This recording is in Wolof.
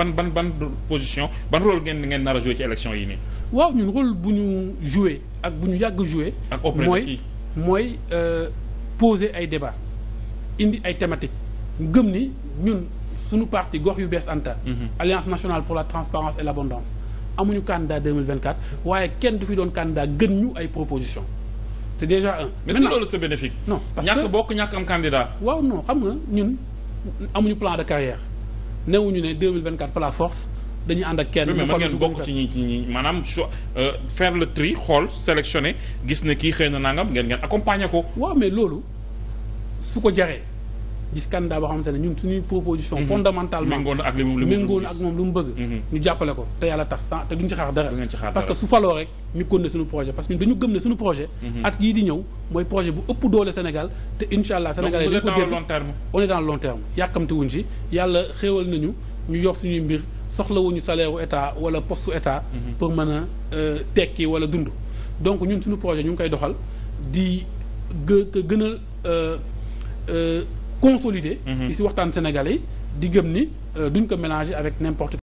ban ban ban position ban rôle ngeen ngeen nar a joué ci élection yi nii. waaw ñun rôle bu ñu joué ak bu ñu yàgg joué. ak mooy mooy euh, poser ay débat indi ay thématiques gëm ni ñun suñu parti gox yu bees Anta. Mhm. alliance nationale pour la transparence et l' abondance amuñu candidat 2024 waaye kenn du fi doon candidat gën ñu ay propositions. c' est déjà un. mais est-ce que loolu c'est bénéfique. non parce que ñàkk bokk ñàkk am candidat. waaw non xam nga ñun amuñu plan de carrière. newuñu ne 2024 par la force dañu ànd ak kenn. mais mën ngeen bokk ci ñi ci ñi maanaam su euh, faire le tri xool sélectionner gis ne kii xëy na nangam ngeen ngeen accompagner ko. waaw mais loolu su ko jaree. gis candidat boo xamante ne ñun suñuy proposition mhm. fondamentalement méngoon ak moom lu mu bëgg mhm. ñu jàppale ko te yàlla tax sans te duñ ci xaar dara parce su faloo rek ñu kon ne suñu projet parce que dañu gëm ne suñu projet mhm. at yii di ñëw mooy projet bu ëpp doole Sénégal te insha allah Sénégal dañ ko dégg on est long terme yàkkamti wuñ ci yàlla xéewal nañu ñu yor suñuy mbir soxla wuñu salaire u état wala poste u pour mën a euh, tekki wala dund donc a euh, euh, consolider. si mm-hmm. waxtaan sénégalais yi di gëm ni euh, duñ ko mélanger avec n'importe